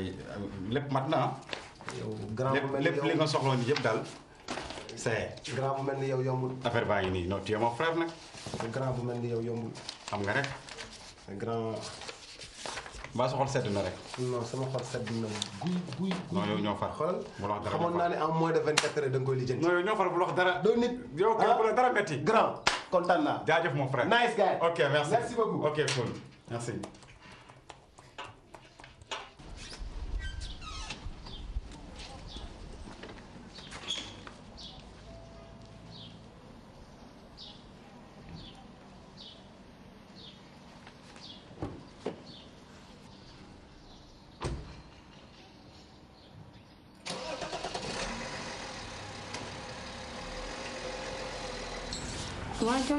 ay euh, lépp mat na ah. yow grand bu mel ni lépp li nga soxla woon yëpp daal c'est. grand bu mel ni yow yombul. affaire baa ngi nii non tu es mon frère nag. grand bu mel ni yow yombul. xam nga rek. grand. mbaa sa xol sedd na rek. non sama xol sedd na guy guy. non yow ñoo naa ne en de 24 heures da nga koy lijjanti. non yow ñoo far bu wax dara. doo ah. metti. grand kontaan naa. jaajëf mon frère. ok merci ok cool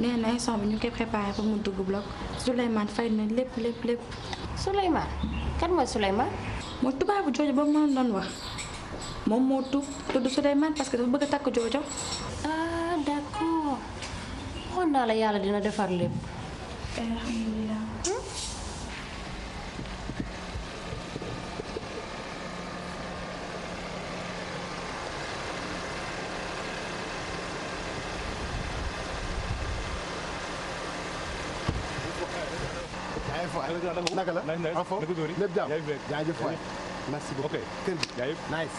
nee na ISO bi ñu koy préparé pour mu dugg bloc Souleymane fay na lépp lépp lépp. Souleymane kan mooy Souleymane. mooy tubaab bu jojo boobu moom doon wax moom moo tub tudd Souleymane parce que dafa bëgg a takk jojo. ah d' accord waxoon naa er la yàlla dina defar er lépp. Eh, er alhamdulilah. naka la afo lépp jàmm jaajëf waay merci beaucoup kër gi jaajëf nice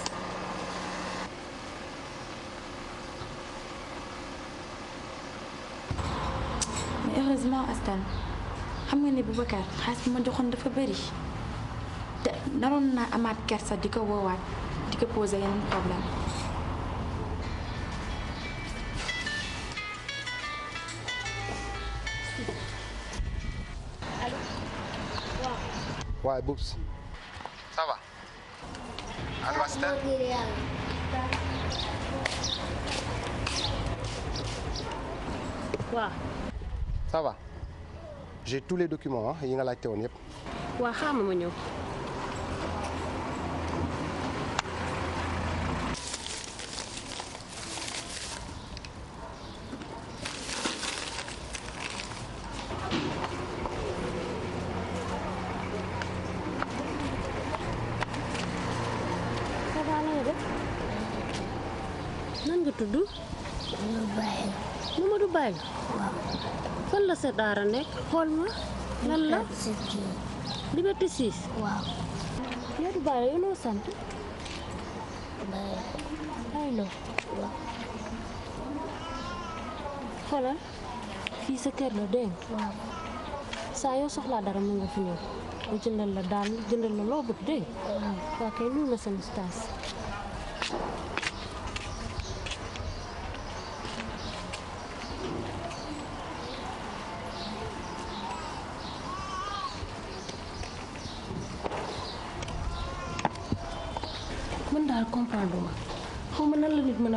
mais heureusement Astan xam nga ne Boubacar xaalis bi ma joxoon dafa bëri te naroon naa amaat kersa di ko woowaat di ko posé yeneen problème Ouais, Bobsy. Ça va Albastel Quoi Ça va J'ai tous les documents, hein. Il y en a la théorie. Ouais, je tudd. Mamadou Baye la. Mamadou la. waaw. la sa daara nekk xool ma. lan la Liberté 6. waaw. Mamadou Baye yow noo sant. Baye. fii sa kër la dégg waaw. saa yoo soxlaa dara mu nga fi ñëw. mu jëndal la daal jëndal la loo bëgg dégg. waaw kay nuyu na sa mustaas.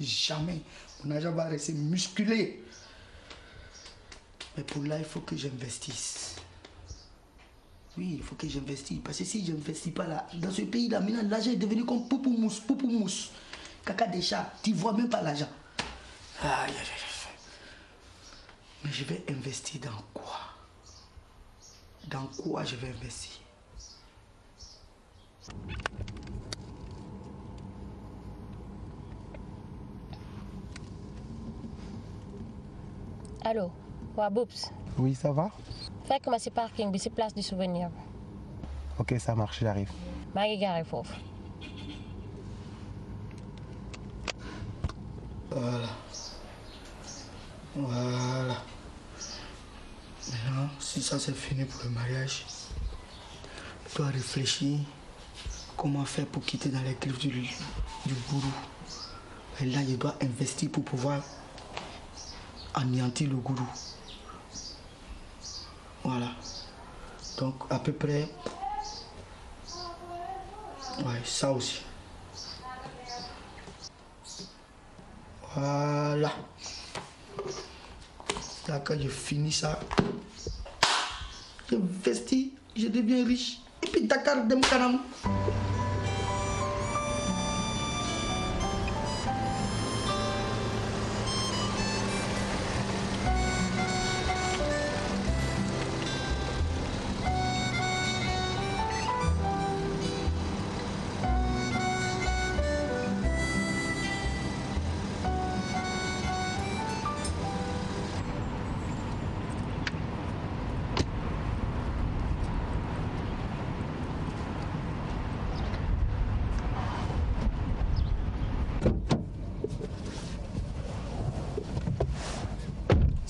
Jamais. Mon agent va rester musculé. Mais pour là, il faut que j'investisse. Oui, il faut que j'investisse. Parce que si je n'investis pas là, dans ce pays-là, maintenant, l'argent est devenu comme poupou mousse, Caca des chats. Tu vois même pas l'argent. Aïe, aïe, aïe. Mais je vais investir dans quoi Dans quoi je vais investir Allô, Waboops. Oui, ça va Fais à c'est parking c'est place du souvenir Ok, ça marche, j'arrive. Marie ngi gaare voilà voilà maintenant si ça c'est fini pour le mariage je dois réfléchir comment faire pour quitter dans les griffes du du bourreau et là il doit investir pour pouvoir anéanti le gourou. Voilà. Donc à peu près. Ouais, ça aussi. Voilà. D'accord, je finis ça, je je deviens riche. Et puis Dakar, Demkanam.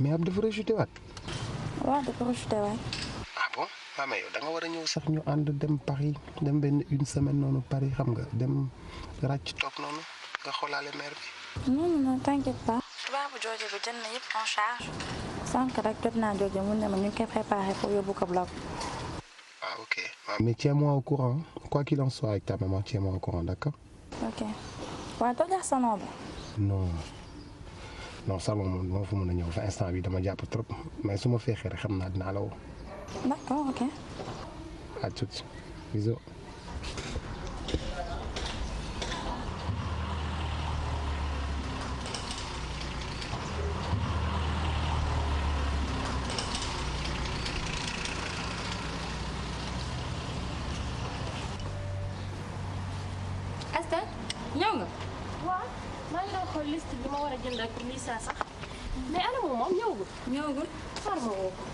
mais ab dafa rechuté Oui, ah bon Maman, ah, mais da nga wara dem Paris dem une semaine nonu Paris xam nga dem non non t'inquiète pas. bu en charge. ne ñu pour ah ok. Ah, mais tiens-moi au courant quoi qu'il en soit avec ta maman tiens-moi au courant d'accord. ok non. non salon moom fu fa mën a ñëw fa instant bi dama jàpp trop mais su ma feexee rek xam naa dinaa la woo. ok. à tout bisous.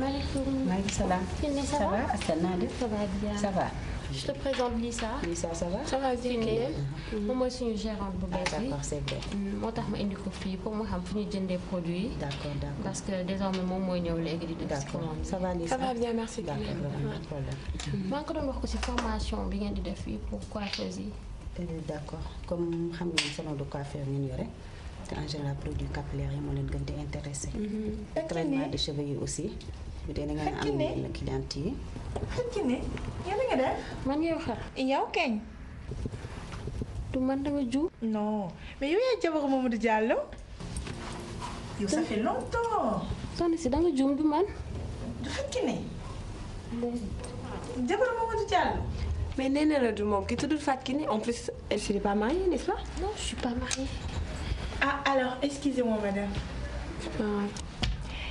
salaamaaleykum. maaleykum salaam. Kiné ça va askan naa ça va bien ça va. je te présente Lisa. Lisa ça va. ça va Kiné. moom mooy suñu gérante bu ah, bees d'accord c'est bien. Mhm. Moi, tax ma indi ko fii pour moi, xam fu ñu jëndee produit d'accord d'accord parce que désormais moi, mooy ñëw léegi di. d'accord ça va ça va bien merci. d'accord problème. Mhm. maa ngi ko doon wax ko ci formation bi ngeen di def fii pour coiffeuse yi. Euh, d'accord comme xam ngeen salon de coiffure ngeen yore. te en général produits capillaires yi moo leen gën di intéressé. Mhm. traitement de cheveux aussi bi de da nga am na client yi. xëcc ne yéen a nga def. man ngay waxal. yow keñ. du man dama juum. non mais yow ya jabaru Mamadou Diallo. yow ça fait longtemps. soxna si nga juum du man. du xëcc ne. jabaru Mamadou Diallo. mais nee na la du mom ki tudul Fatou en plus elle n'est pas mariée n'est-ce pas. non je suis pas mariée. ah alors excusez-moi madame. Ah.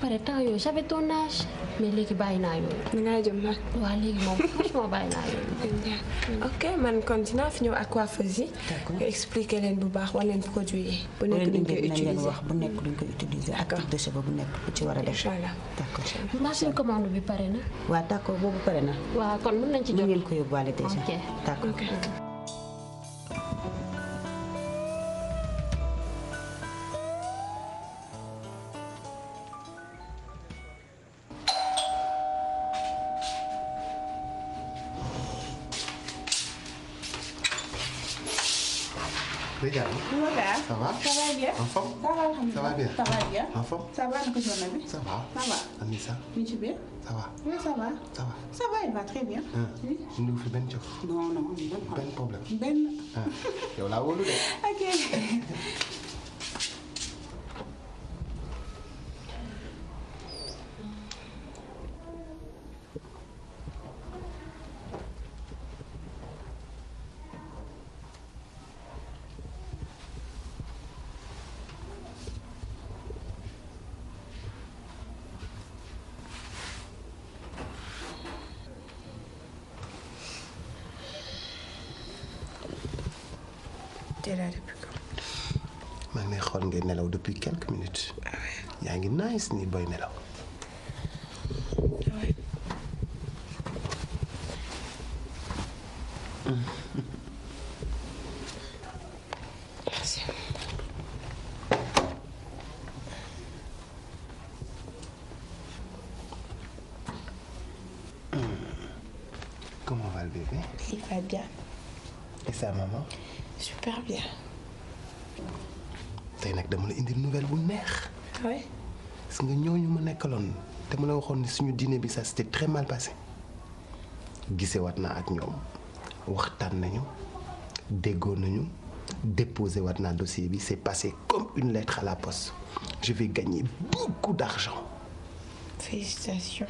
pare temps yooyu j'avais ton âge mais léegi bàyyi naa yooyu. da ngaa jëm nag. waaw léegi moom franchement bàyyi naa yooyu. ok man kon dinaa fi ñëw ak coiffeuse yi. nga expliquer leen bu baax wala leen produit yi. bu nekk duñ koy utiliser wax bu nekk duñ koy utiliser ak type de cheveux bu nekk bu ci war a def. voilà d' accord. machine commande bi pare na. waaw d' accord boobu pare na. waaw kon mën nañ ci jot. mën ngeen ko yóbbuwaale déjà. ok d' accord. Hein. Ça va bien. Ça va, nous Ça va. Ça va. Ça va. ça va. Ça va. Ça va, il va très bien. Hein? Oui. Nous fait ben Non, non, ben problème. Ben. Hein? la OK. depuis quand depuis quelques minutes. Ah nice ni tay nak dama la indi nouvelle bu neex. Ah oui. gis nga ñooñu ma nekkaloon te ma la waxoon ni suñu dîner bi ça c'était très mal passé gisewaat naa ak ñoom waxtan nañu déggo nañu déposé waat naa dossier bi c'est passé comme une lettre à la poste je vais gagner beaucoup d'argent. félicitations.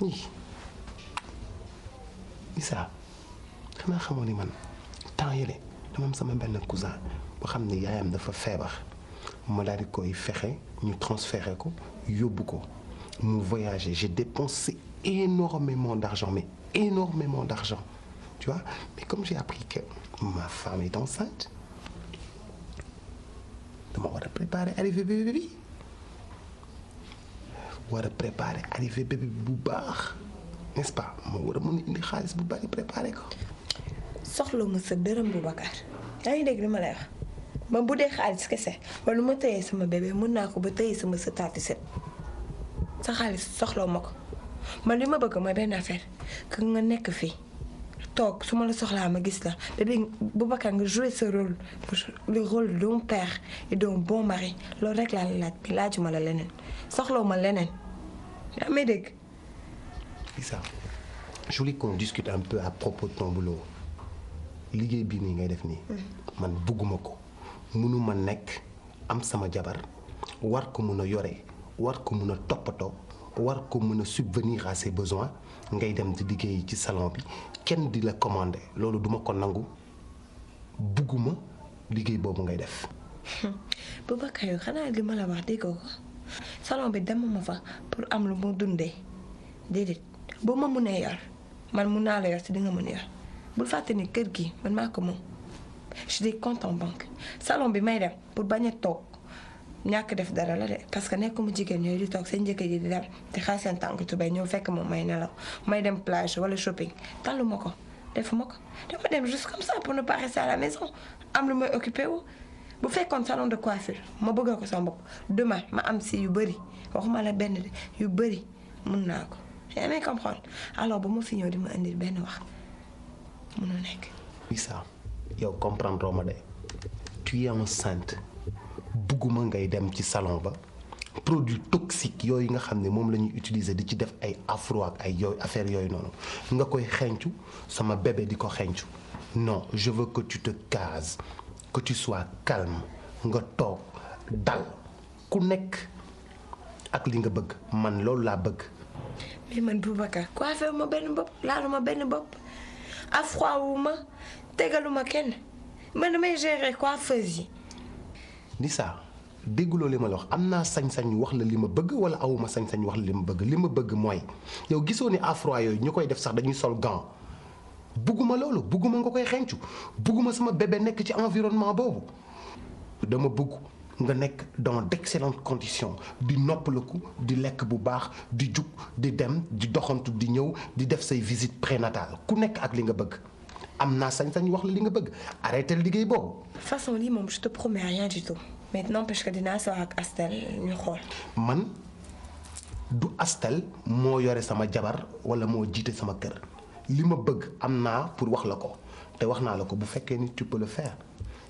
oui ni ça xamoon ni man temps yele dama am sama benn cousin boo xam ne yaayam dafa feebar ma daal di koy fexe ñu transféré ko yóbbu ko voyager j'ai dépensé énormément d'argent mais énormément d'argent tu vois mais comme j'ai appris que ma femme est enceinte je war préparer arrivé bébé Je war préparer arriver bébé n'est-ce pas Je war préparer soxla ma sa dërëm bu bakkaar yaa ngi dégg li ma lay wax man bu dee xaalis kese wala lu ma tëyee sama bébé mën naa ko ba tëyee sama sa taati set sa xaalis soxla ma ko man li ma bëgg mooy benn affaire que nga nekk fii toog su ma la soxlaa ma gis la bébé bu bakkaar nga jouer sa rôle le rôle d'un père et d'un bon mari loolu rek laa la laaj bi laajuma la leneen soxlaw ma leneen yaa may dégg. Lisa, je voulais qu'on discute un peu à propos de ton boulot. liggéey bii nii ngay def nii. man bugguma ko munu ma nekk am sama jabar war ko mën a yore war ko mën a toppatoo war ko mën a subvenir à ses ngay dem di liggéey ci salon bi kenn di la commander loolu duma ko nangu bugguma liggéey boobu ngay def. Boubacar xanaa li ma la wax dégg ko salon bi dem ma fa pour am lu mu dundee déedéet boo ma mënee yor man mun naa la yor si di nga mën a bul faté ne kër gi man mako ko moom j'ai des comptes en banque salon bi may dem pour bañé tok ñak def dara la dé parce que nekk mu jigéen ñoy di tok sen njëkkër yi di dem te xaar seen tu bay ñëw fekk moom may nelaw may dem plage wala shopping tallu ma ko defuma dama dem juste comme ça pour ne pas rester à la maison am lu may occupé wu bu comme salon de coiffure ma bëgg ko sama bopp demain ma am si yu bëri waxuma la benn de yu bëri mën naa ko yaa ngi comprendre alors ba ma fi ñëw di ma indil benn wax mënu nekk. Issa yow comprendre ma de tu es enceinte bugguma ngay dem ci salon ba produit toxique yooyu nga xam ne moom la ñuy utiliser di ci def ay afro ak ay yooyu affaire yooyu noonu nga koy xencu sama bébé di ko xencu non je veux que tu te cases que tu sois calme nga toog dal ku nekk ak li nga bëgg man loolu laa bëgg. mais man Boubacar coiffé ma benn bopp laaluma benn bopp afroawuma tegaluma ken man may gérer coiffeuse yi. Nissa dégguloo li ma la wax am naa sañ-sañ wax la li ma bëgg wala awuma sañ-sañ wax la li ma bëgg li ma bëgg mooy yow gisoo ni afro yooyu ñu koy def sax dañuy sol gant bugguma loolu bugguma nga koy xencu bugguma sama bébé nekk ci environnement boobu dama bugg nga nek dans d'excellentes conditions di noppaliku di lek bu baax di djuk di dem di doxantou di ñew di def say visite prénatale ku nek ak li nga bëgg amna sañ-sañ wax la li nga bëgg arrêté liggéey boobu. façon lii mom je te promets rien du tout Maintenant, parce que dina soo ak Astel ñu xol man du Astel mo yoré sama jabar wala mo jiite sama kër li ma bëgg amna pour wax la ko té wax na la ko bu féké ni tu peux le faire.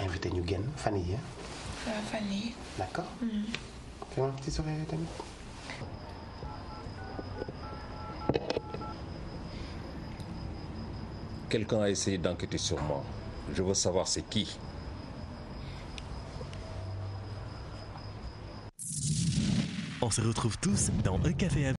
invité nous Fanny, Fanny. Fanny. ah. Fanny d'accord. yii. Mm. petit sourire Tami. Quelqu'un a essayé d'enquêter sur moi. Je veux savoir c'est qui. On se retrouve tous dans un e café à